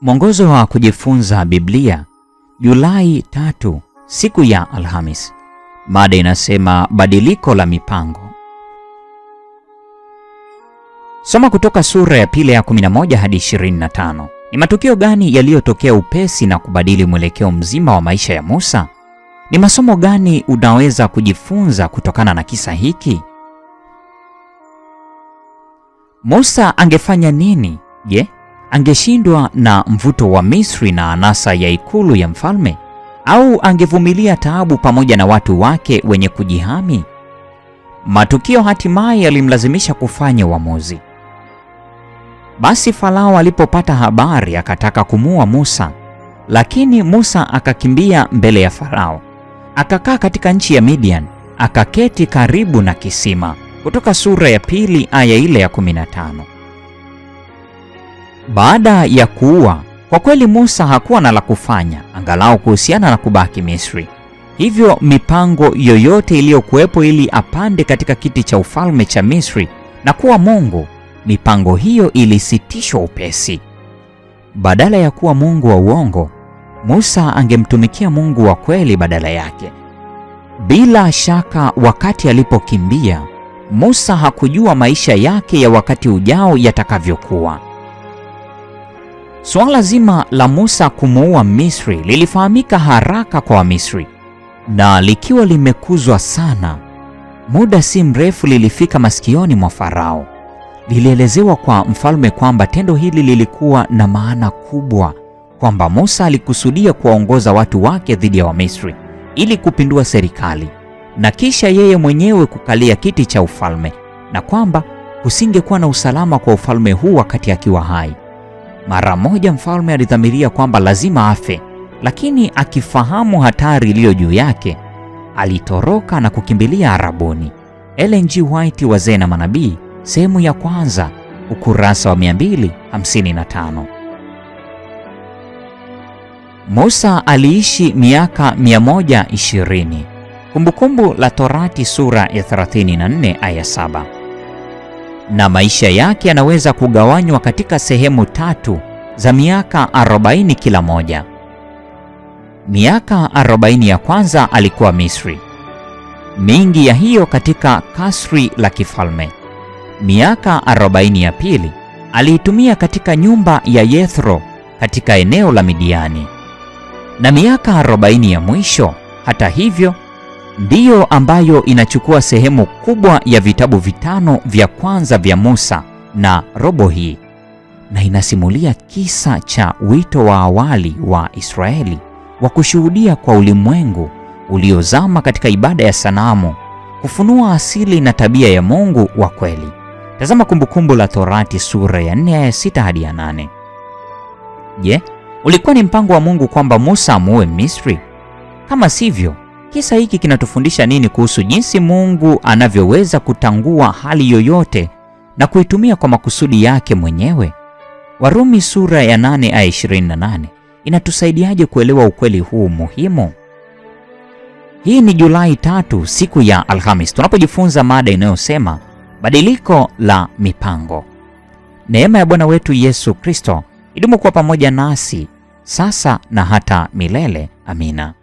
Mwongozo wa kujifunza Biblia, Julai tatu, siku ya Alhamis. Mada inasema badiliko la mipango. Soma kutoka sura ya pili ya 11 hadi 25. Ni matukio gani yaliyotokea upesi na kubadili mwelekeo mzima wa maisha ya Musa? Ni masomo gani unaweza kujifunza kutokana na kisa hiki? Musa angefanya nini? Je, angeshindwa na mvuto wa Misri na anasa ya ikulu ya mfalme, au angevumilia taabu pamoja na watu wake wenye kujihami? Matukio hatimaye yalimlazimisha kufanya uamuzi. Basi Farao alipopata habari akataka kumuua Musa, lakini Musa akakimbia mbele ya Farao, akakaa katika nchi ya Midian, akaketi karibu na kisima. Kutoka sura ya pili aya ile ya 15. Baada ya kuua, kwa kweli Musa hakuwa na la kufanya, angalau kuhusiana na kubaki Misri. Hivyo mipango yoyote iliyokuwepo ili apande katika kiti cha ufalme cha Misri na kuwa Mungu, mipango hiyo ilisitishwa upesi. Badala ya kuwa Mungu wa uongo, Musa angemtumikia Mungu wa kweli badala yake. Bila shaka, wakati alipokimbia, Musa hakujua maisha yake ya wakati ujao yatakavyokuwa. Suala zima la Musa kumuua Misri lilifahamika haraka kwa Wamisri na likiwa limekuzwa sana, muda si mrefu lilifika masikioni mwa Farao. Lilielezewa kwa mfalme kwamba tendo hili lilikuwa na maana kubwa, kwamba Musa alikusudia kuwaongoza watu wake dhidi ya Wamisri ili kupindua serikali na kisha yeye mwenyewe kukalia kiti cha ufalme, na kwamba kusingekuwa na usalama kwa ufalme huu wakati akiwa hai. Mara moja mfalme alidhamiria kwamba lazima afe, lakini akifahamu hatari iliyo juu yake alitoroka na kukimbilia Arabuni. Ellen G. White, Wazee na Manabii, sehemu ya kwanza, ukurasa wa 255. Musa aliishi miaka 120. Kumbukumbu la Torati sura ya 34 aya 7 na maisha yake yanaweza kugawanywa katika sehemu tatu za miaka 40 kila moja. Miaka 40 ya kwanza alikuwa Misri, mingi ya hiyo katika kasri la kifalme. Miaka 40 ya pili aliitumia katika nyumba ya Yethro katika eneo la Midiani, na miaka 40 ya mwisho, hata hivyo, ndiyo ambayo inachukua sehemu kubwa ya vitabu vitano vya kwanza vya Musa na robo hii, na inasimulia kisa cha wito wa awali wa Israeli wa kushuhudia kwa ulimwengu uliozama katika ibada ya sanamu, kufunua asili na tabia ya Mungu wa kweli. Tazama Kumbukumbu la Torati sura ya 4 aya 6 hadi ya 8. Je, ulikuwa ni mpango wa Mungu kwamba Musa amuue Misri? Kama sivyo Kisa hiki kinatufundisha nini kuhusu jinsi Mungu anavyoweza kutangua hali yoyote na kuitumia kwa makusudi yake mwenyewe? Warumi sura ya 8 aya 28 inatusaidiaje kuelewa ukweli huu muhimu? Hii ni Julai tatu, siku ya Alhamis, tunapojifunza mada inayosema badiliko la mipango. Neema ya Bwana wetu Yesu Kristo idumu kuwa pamoja nasi sasa na hata milele. Amina.